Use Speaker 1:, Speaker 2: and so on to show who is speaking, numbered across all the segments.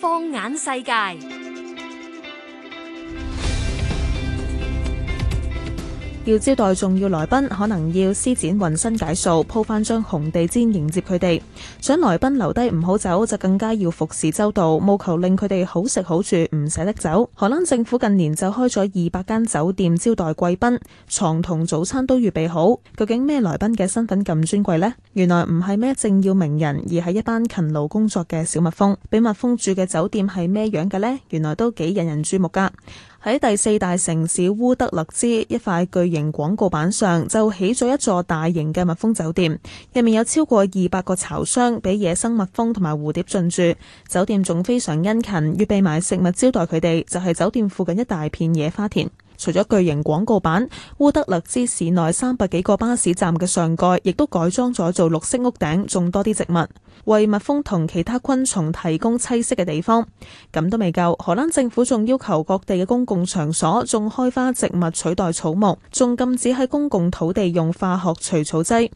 Speaker 1: 放眼世界。要招待重要來賓，可能要施展渾身解數，鋪翻張紅地毯迎接佢哋。想來賓留低唔好走，就更加要服侍周到，務求令佢哋好食好住，唔捨得走。荷蘭政府近年就開咗二百間酒店招待貴賓，床同早餐都預備好。究竟咩來賓嘅身份咁尊貴呢？原來唔係咩政要名人，而係一班勤勞工作嘅小蜜蜂。俾蜜蜂住嘅酒店係咩樣嘅呢？原來都幾引人注目㗎。喺第四大城市烏德勒支，一塊巨型廣告板上就起咗一座大型嘅蜜蜂酒店，入面有超過二百個巢箱俾野生蜜蜂同埋蝴蝶進駐。酒店仲非常殷勤，預備埋食物招待佢哋。就係酒店附近一大片野花田。除咗巨型廣告板，烏德勒支市內三百幾個巴士站嘅上蓋，亦都改裝咗做綠色屋頂，種多啲植物，為蜜蜂同其他昆蟲提供棲息嘅地方。咁都未夠，荷蘭政府仲要求各地嘅公共場所，種開花植物取代草木，仲禁止喺公共土地用化學除草劑。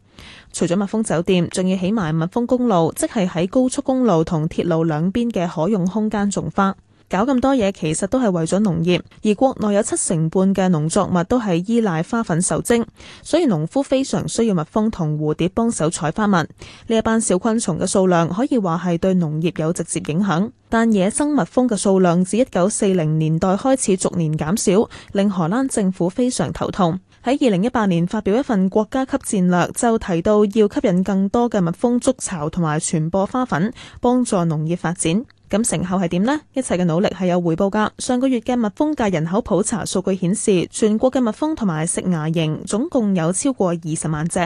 Speaker 1: 除咗蜜蜂酒店，仲要起埋蜜蜂公路，即係喺高速公路同鐵路兩邊嘅可用空間種花。搞咁多嘢，其實都係為咗農業。而國內有七成半嘅農作物都係依賴花粉授精，所以農夫非常需要蜜蜂同蝴蝶幫手採花蜜。呢一班小昆蟲嘅數量可以話，係對農業有直接影響。但野生蜜蜂嘅數量自一九四零年代開始逐年減少，令荷蘭政府非常頭痛。喺二零一八年發表一份國家級戰略，就提到要吸引更多嘅蜜蜂築巢同埋傳播花粉，幫助農業發展。咁成效係點呢？一切嘅努力係有回報㗎。上個月嘅蜜蜂界人口普查數據顯示，全國嘅蜜蜂同埋食蚜蠅總共有超過二十萬隻。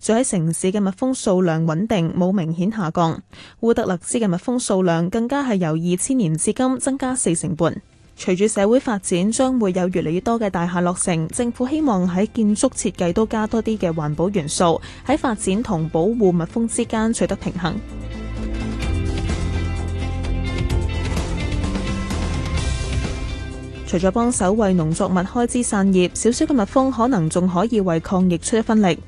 Speaker 1: 住喺城市嘅蜜蜂數量穩定，冇明顯下降。烏德勒支嘅蜜蜂數量更加係由二千年至今增加四成半。隨住社會發展，將會有越嚟越多嘅大廈落成，政府希望喺建築設計都加多啲嘅環保元素，喺發展同保護蜜蜂之間取得平衡。除咗幫手為農作物開枝散葉，少少嘅蜜蜂可能仲可以為抗疫出一分力。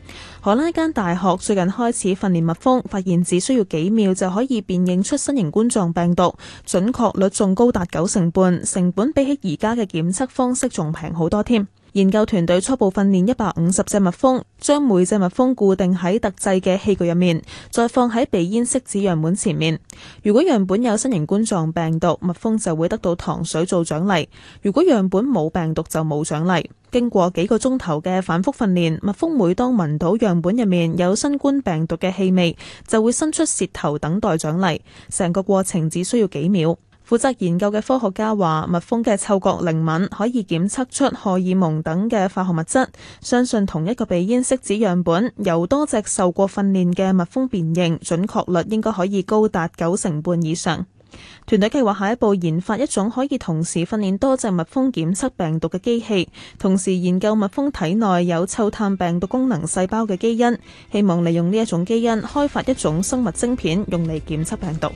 Speaker 1: 荷蘭一間大學最近開始訓練蜜蜂，發現只需要幾秒就可以辨認出新型冠狀病毒，準確率仲高達九成半，成本比起而家嘅檢測方式仲平好多添。研究團隊初步訓練一百五十隻蜜蜂，將每隻蜜蜂固定喺特製嘅器具入面，再放喺鼻咽拭子樣本前面。如果樣本有新型冠狀病毒，蜜蜂就會得到糖水做獎勵；如果樣本冇病毒就冇獎勵。經過幾個鐘頭嘅反覆訓練，蜜蜂每當聞到樣本入面有新冠病毒嘅氣味，就會伸出舌頭等待獎勵。成個過程只需要幾秒。負責研究嘅科學家話：蜜蜂嘅嗅覺靈敏，可以檢測出荷爾蒙等嘅化學物質。相信同一個鼻咽拭子樣本，由多隻受過訓練嘅蜜蜂辨認，準確率應該可以高達九成半以上。團隊計劃下一步研發一種可以同時訓練多隻蜜蜂檢測病毒嘅機器，同時研究蜜蜂體內有嗅探病毒功能細胞嘅基因，希望利用呢一種基因開發一種生物晶片，用嚟檢測病毒。